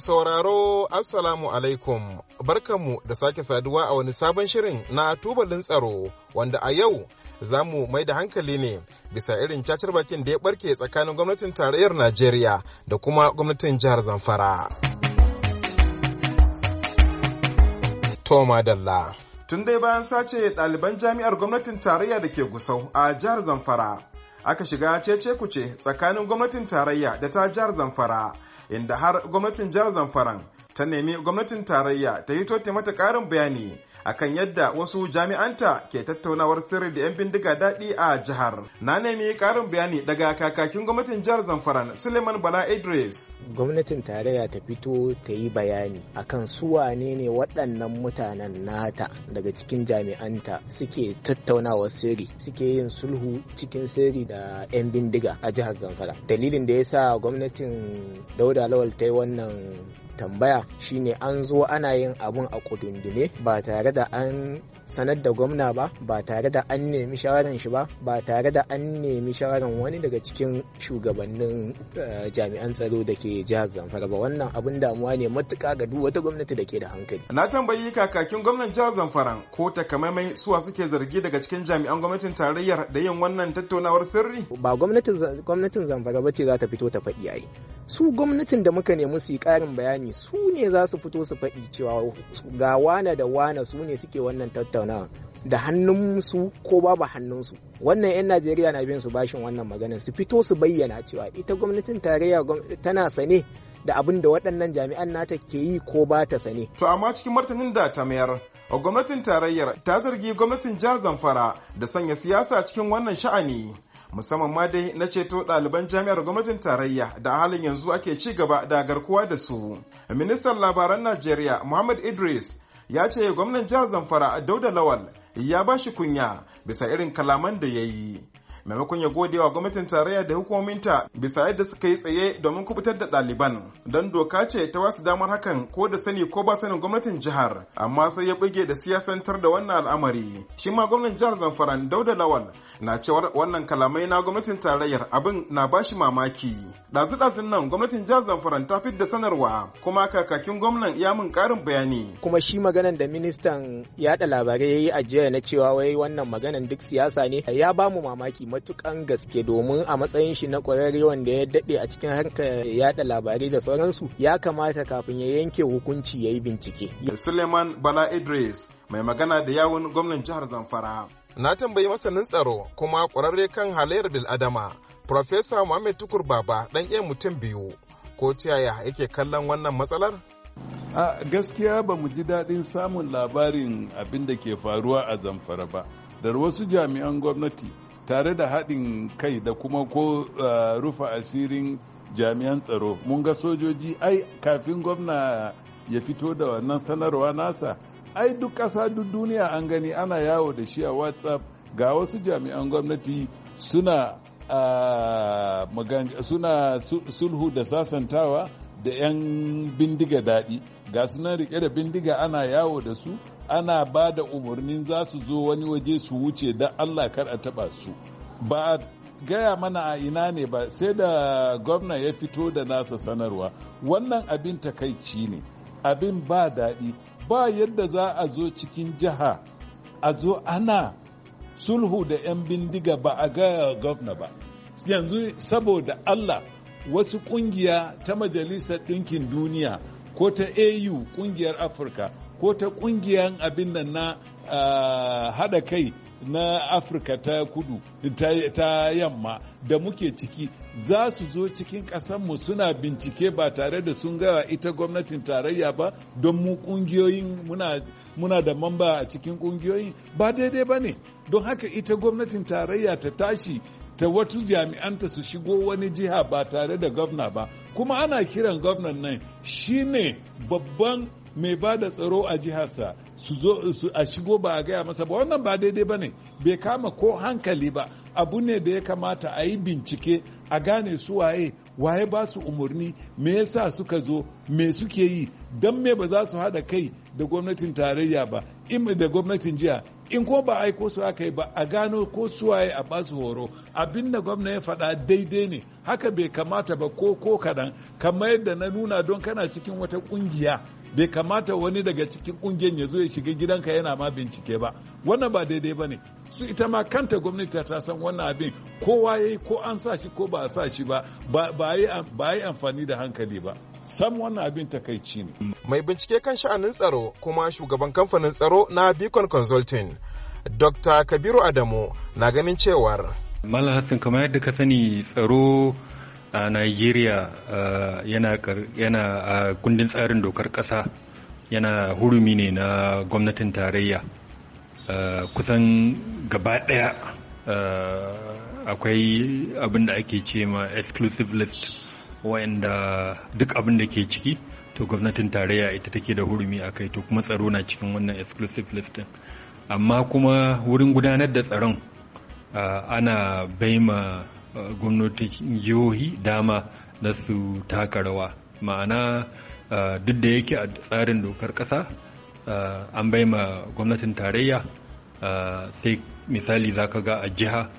sauraro Assalamu alaikum barkanmu da sake saduwa a wani sabon shirin na tubalin tsaro wanda a yau za mu mai da hankali ne bisa irin cacar bakin da ya barke tsakanin gwamnatin tarayyar Najeriya da kuma gwamnatin jihar Zamfara. Toma Dalla Tun dai bayan sace ɗaliban jami'ar gwamnatin tarayya da ke Gusau a jihar Zamfara, aka shiga cece kuce tsakanin gwamnatin tarayya da ta jihar Zamfara. inda har gwamnatin jihar Zamfaran ta nemi gwamnatin tarayya ta yi ta mata ƙarin bayani akan yadda wasu jami'anta ke tattaunawar sirri da 'yan bindiga daɗi a jihar. Na nemi ƙarin bayani daga kakakin gwamnatin jihar zamfara Suleiman Bala Idris. Gwamnatin tarayya ta fito ta yi bayani akan su wane ne waɗannan mutanen nata daga cikin jami'anta suke tattaunawar sirri suke yin sulhu cikin sirri da 'yan bindiga a jihar Zamfara. Dalilin da ya sa gwamnatin Dauda Lawal ta yi wannan tambaya shine an zo ana yin abun a kudundune ba tare da an sanar da gwamna ba ba tare da an nemi shawaran shi ba ba tare da an nemi shawaran wani daga cikin shugabannin eh, jami'an tsaro da ke jihar zamfara ba wannan abun damuwa ne matuka ga duk wata gwamnati da ke da hankali na tambayi kakakin gwamnan jihar zamfara ko takamaimai suwa suke zargi daga cikin jami'an gwamnatin tarayyar da yin wannan tattaunawar sirri ba gwamnatin zamfara ba ce za ta fito ta faɗi yayi su gwamnatin da muka nemi su yi ƙarin bayani alkur'ani su ne za su fito su faɗi cewa ga wane da wane su ne suke wannan tattaunawa da hannunsu ko babu hannunsu wannan 'yan najeriya na bin su bashin wannan magana su fito su bayyana cewa ita gwamnatin tarayya tana sane da abin da waɗannan jami'an nata ke yi ko ba ta sane. To amma cikin martanin da ta mayar, gwamnatin tarayyar ta zargi gwamnatin jihar Zamfara da sanya siyasa cikin wannan sha'ani. musamman ma dai na ceto ɗaliban jami'ar gwamnatin tarayya da halin yanzu ake ci gaba da garkuwa da su. Ministan labaran Najeriya Muhammad Idris ya ce gwamnan jihar Zamfara Dauda Lawal ya ba shi kunya bisa irin kalaman da ya yi. maimakon ya gode wa gwamnatin tarayya da hukumominta bisa yadda suka yi tsaye domin kubutar da ɗaliban don doka ce ta wasu damar hakan ko da sani ko ba sanin gwamnatin jihar amma sai ya buge da siyasantar da wannan al'amari shi ma gwamnan jihar zamfaran dauda lawal na cewar wannan kalamai na gwamnatin tarayyar abin na bashi mamaki ɗazu-ɗazun nan gwamnatin jihar zamfaran ta da sanarwa kuma kakakin gwamnan ya mun ƙarin bayani kuma shi maganan da ministan yaɗa labarai ya yi a jiya na cewa wai wannan maganan duk siyasa ne ya ba mu mamaki matukan gaske domin a matsayin shi na kwararre wanda ya daɗe a cikin harkar yada labarai da sauransu ya kamata kafin ya yanke hukunci ya yi bincike. Suleiman Bala Idris mai magana da yawun gwamnan jihar Zamfara. Na tambayi masanin tsaro kuma kwararre kan halayyar bil'adama Profesa Muhammad Tukur Baba ɗan iya mutum biyu ko ta yaya yake kallon wannan matsalar? a gaskiya ba mu ji daɗin samun labarin abin da ke faruwa a zamfara ba da wasu jami'an gwamnati tare da haɗin kai da kuma ko eh, rufe asirin jami'an tsaro mun ga sojoji ai kafin gwamna ya fito da wannan sanarwa nasa ai duk ƙasa duk duniya an gani ana yawo da shi a whatsapp ga wasu jami'an gwamnati suna eh, suna sulhu da sasantawa da 'yan bindiga daɗi ga sunan rike da bindiga ana yawo da su ana ba da umarnin za su zo wani waje su wuce da allah kar a taba su ba a gaya mana a ina ne ba sai da gwamna ya fito da nasa sanarwa wannan abin takaici ne abin ba daɗi ba yadda za a zo cikin jiha a zo ana sulhu da 'yan bindiga ba a gaya gwamna ba yanzu saboda allah wasu kungiya ta majalisar ɗinkin duniya ko ta au kungiyar afirka ko ta kungiyar abin nan na hada kai na afirka ta kudu ta, yamma da muke ciki za su zo cikin ƙasanmu suna bincike ba tare da sun gawa ita gwamnatin tarayya ba don mu ƙungiyoyin muna, da mamba a cikin ƙungiyoyin ba daidai ba ne don haka ita gwamnatin tarayya ta tashi ta wata jami'anta su shigo wani jiha ba tare da gwamna ba kuma ana kiran gwamnan nan shi ne babban mai ba da tsaro a jiharsa su zo a shigo ba a gaya masa ba wannan ba daidai ba ne bai kama ko hankali ba abu ne da ya kamata a yi bincike a gane su waye waye ba su umarni me yasa suka zo me suke yi don me ba za su haɗa kai da gwamnatin tarayya ba in da gwamnatin jiya in ko ba aiko su aka yi ba a gano ko suwaye a basu horo abin da gwamna ya faɗa daidai ne haka bai kamata ba ko ko kaɗan kamar yadda na nuna don kana cikin wata ƙungiya bai kamata wani daga cikin ƙungiyar ya zo ya shiga gidanka yana ma bincike ba wannan ba daidai ba ne su ita ma kanta gwamnati ta san wannan abin kowa ya yi ko an sa shi ko ba a sa shi ba ba yi amfani da hankali ba. sam wannan abin takaici ne mai bincike kan sha'anin tsaro kuma shugaban kamfanin tsaro na beacon consulting dr kabiru adamu na ganin cewar Malam Hassan kamar yadda ka sani tsaro a Nigeria yana a kundin tsarin dokar ƙasa yana hurumi ne na gwamnatin tarayya kusan gaba ɗaya akwai abin da ake cema ma exclusive list waɗanda duk abin da ke ciki to gwamnatin tarayya ita take da hurumi a kai to kuma tsaro na cikin wannan exclusive list din amma kuma wurin gudanar da tsaron ana baima gwamnatin jihohi dama na su taka rawa ma'ana duk da yake a tsarin dokar ƙasa an baima gwamnatin tarayya sai misali zaka ga a jiha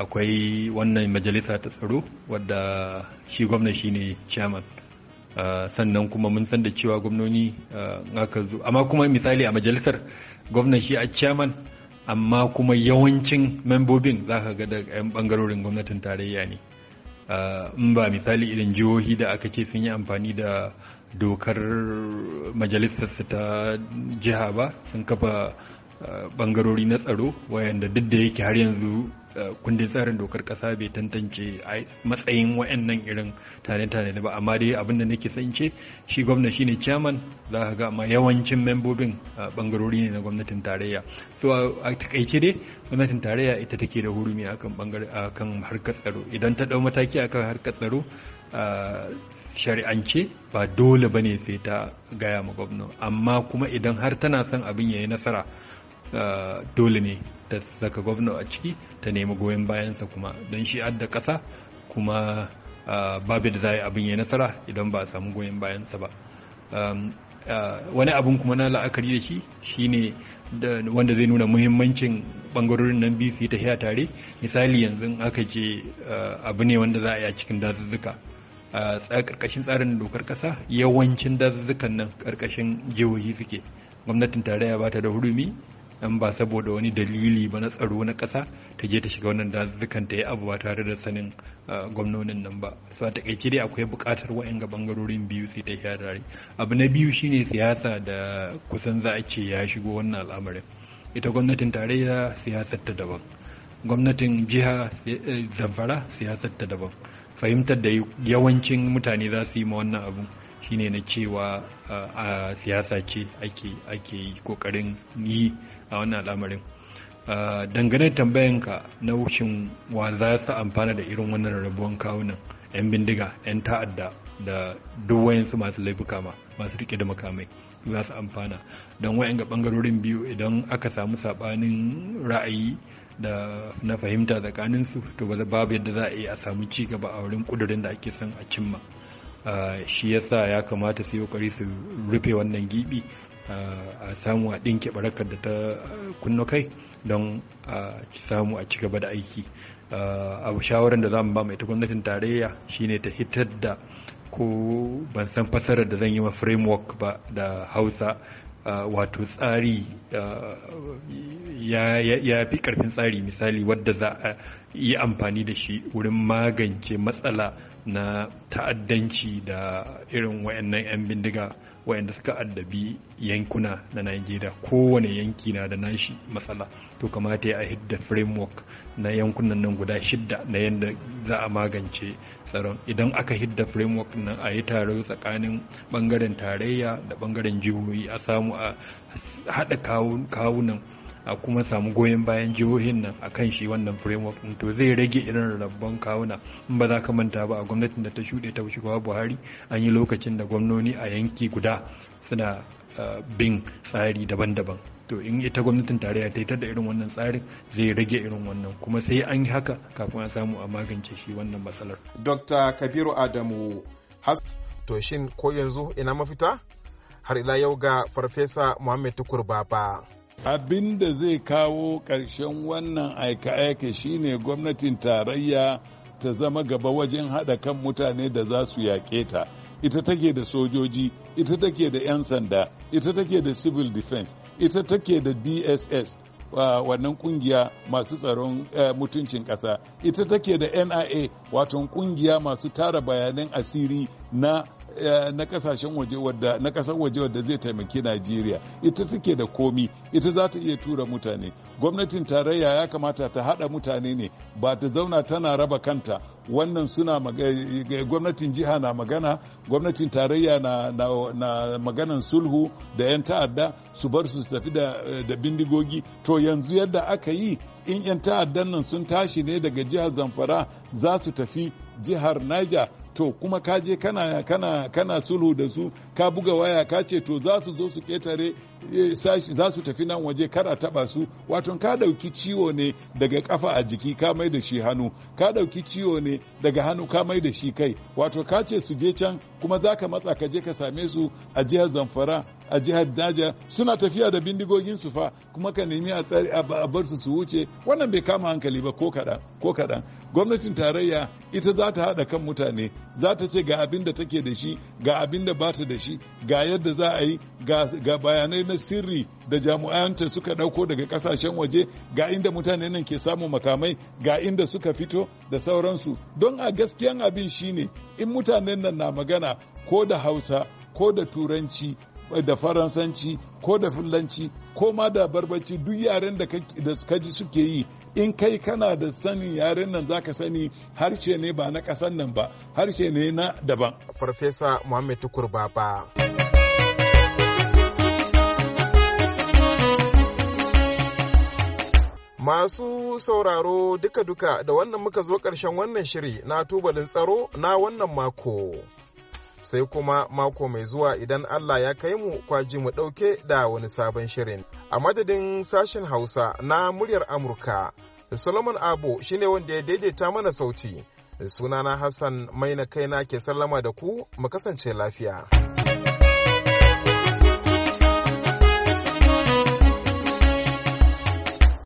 akwai wannan majalisa ta tsaro wadda shi gwamna shi ne chairman ah, sannan kuma mun san da cewa gwamnoni ah, aka zo amma kuma misali a majalisar gwamna shi a chairman amma kuma yawancin membobin za ka ga da 'yan bangarorin gwamnatin tarayya ne ah, in ba misali irin jihohi da aka ce sun yi amfani da dokar majalisarsu ta jiha ba sun kafa bangarori na tsaro wayanda duk da yake har yanzu eh, kundin tsarin dokar kasa bai tantance a matsayin wayannan irin tare tare ba amma dai abin da nake san ce shi gwamna shine chairman za ka ga amma yawancin membobin eh, bangarori ne na gwamnatin tarayya so a takaice dai gwamnatin tarayya ita take da hurumi akan bangare akan harkar tsaro idan ta dau mataki akan harkar tsaro eh, shari'ance ba dole bane sai ta gaya ma gwamna amma kuma idan har tana son abin yayi nasara Eh, dole ne ta saka gwamna a ciki ta nemi goyon bayansa kuma don shi adda kasa kuma eh, babu da za a abin ya nasara idan ba a samu goyon bayansa ba ehm, eh, wani abin kuma na la'akari da shi shine wanda zai nuna muhimmancin bangarorin nan biyu su yi tafiya tare misali yanzu aka ce abu ne wanda za a yi a cikin dazuzzuka a karkashin tsarin dokar kasa yawancin dazuzzukan nan karkashin jihohi suke gwamnatin tarayya ba ta da hurumi in ba saboda wani dalili ba na tsaro na ƙasa ta je ta shiga wannan dazukan ta yi abu ba tare da sanin gwamnonin nan ba so a takaice dai akwai buƙatar wa'anga bangarorin biyu su ta share abu na biyu shine siyasa da kusan za a ce ya shigo wannan al'amarin ita gwamnatin tarayya siyasar ta daban gwamnatin jiha eh, eh, zamfara siyasar ta daban fahimtar da yawancin mutane za su yi ma wannan abu ne na cewa a siyasa ce ake yi kokarin yi a wannan al'amarin dangane tambayanka na wushin wa za su amfana da irin wannan rabuwan kawunan 'yan bindiga 'yan ta'adda da duk wayansu masu laifuka ma masu rike da makamai za su amfana don wayan ga bangarorin biyu idan aka samu sabanin ra'ayi da na fahimta tsakaninsu to ba babu yadda za a yi a samu ci gaba a wurin kudurin da ake son a cimma shi yasa ya kamata su yi kokari su rufe wannan gibi a samu a ɗinke barakar da ta kunno kai don a samu a cigaba da aiki a shawarar da za mu ba mai ta gwamnatin tarayya shine ta hitar da ko ban san fasarar da zan yi ma framework ba da hausa wato tsari ya fi karfin tsari misali wadda za a yi amfani da shi wurin magance matsala na ta'addanci da irin wayannan 'yan bindiga wayanda suka addabi yankuna na Najeriya kowane yanki na da nashi matsala to kamata ya hidda framework na yankunan nan guda shidda na yadda za a magance tsaron idan aka hidda framework nan a yi taro tsakanin bangaren tarayya da bangaren jihohi a samu a haɗa kawunan a kuma samu goyon bayan jihohin nan a kan shi wannan framework din to zai rage irin rabon kawuna in ba za ka manta ba a gwamnatin da ta shuɗe ta shugaba Buhari an yi lokacin da gwamnoni a yanki guda suna bin tsari daban-daban to in ita gwamnatin tarayya ta yi da irin wannan tsarin zai rage irin wannan kuma sai an yi haka kafin a samu a magance shi wannan matsalar. Dr. Kabiru Adamu To shin ko yanzu ina mafita? Har ila yau ga Farfesa Muhammad Tukur Baba. abin da zai kawo ƙarshen wannan aika-aika shine gwamnatin tarayya ta zama gaba wajen haɗa kan mutane da za su yaƙe ta ita take da sojoji ita take da 'yan sanda ita take da civil defense ita take da dss wannan kungiya masu tsaron eh, mutuncin ƙasa ita take da nia wato kungiya masu tara bayanan asiri na Eh, na kasashen waje wadda na kasar waje wadda zai taimaki Najeriya ita take da komi ita za ta iya tura mutane gwamnatin tarayya ya kamata ta hada mutane ne ba ta zauna tana raba kanta wannan suna eh, gwamnatin jiha na magana gwamnatin tarayya na, maganan sulhu da 'yan ta'adda su bar su tafi da eh, bindigogi to yanzu yadda aka yi in 'yan ta'addan nan sun tashi ne daga jihar zamfara za su tafi jihar niger to kuma ka je kana sulhu da su ka buga waya ka ce to za su zo su ketare eh, za su tafi nan waje kara taba su wato ka dauki ciwo ne daga kafa a jiki ka mai da shi hannu ka dauki ciwo ne daga hannu ka mai da shi kai wato ka ce su je can kuma za ka matsa ka je ka same su a jihar zamfara a jihar daja suna tafiya da bindigogin su fa kuma ka nemi a tsari a bar su su wuce wannan bai kama hankali ba ko kaɗan ko gwamnatin tarayya ita za ta haɗa kan mutane za ta ce ga abin da take da shi ga abin da bata da shi ga yadda za a yi ga bayanai na sirri da jami'anta suka ɗauko daga ƙasashen waje ga inda mutane nan ke samun makamai ga inda suka fito da sauransu don a gaskiyan abin shine in mutanen nan na magana ko da hausa ko da turanci Eh, da faransanci ko da fulanci ko ma da barbaci duk yaren da ka ji suke yi in kai kana da sanin yaren nan zaka sani harshe ne ba na kasan nan ba harshe ne na daban farfesa muhammed tukur baba Masu sauraro duka-duka da wannan muka zo ƙarshen wannan shiri na tubalin tsaro na wannan mako. sai kuma mako mai zuwa idan Allah ya kai mu kwaji mu ɗauke da wani sabon shirin. A madadin sashen Hausa na muryar Amurka, Solomon Abo shine wanda ya daidaita mana sauti. Sunana Hassan Maina kaina ke sallama da ku mu kasance lafiya.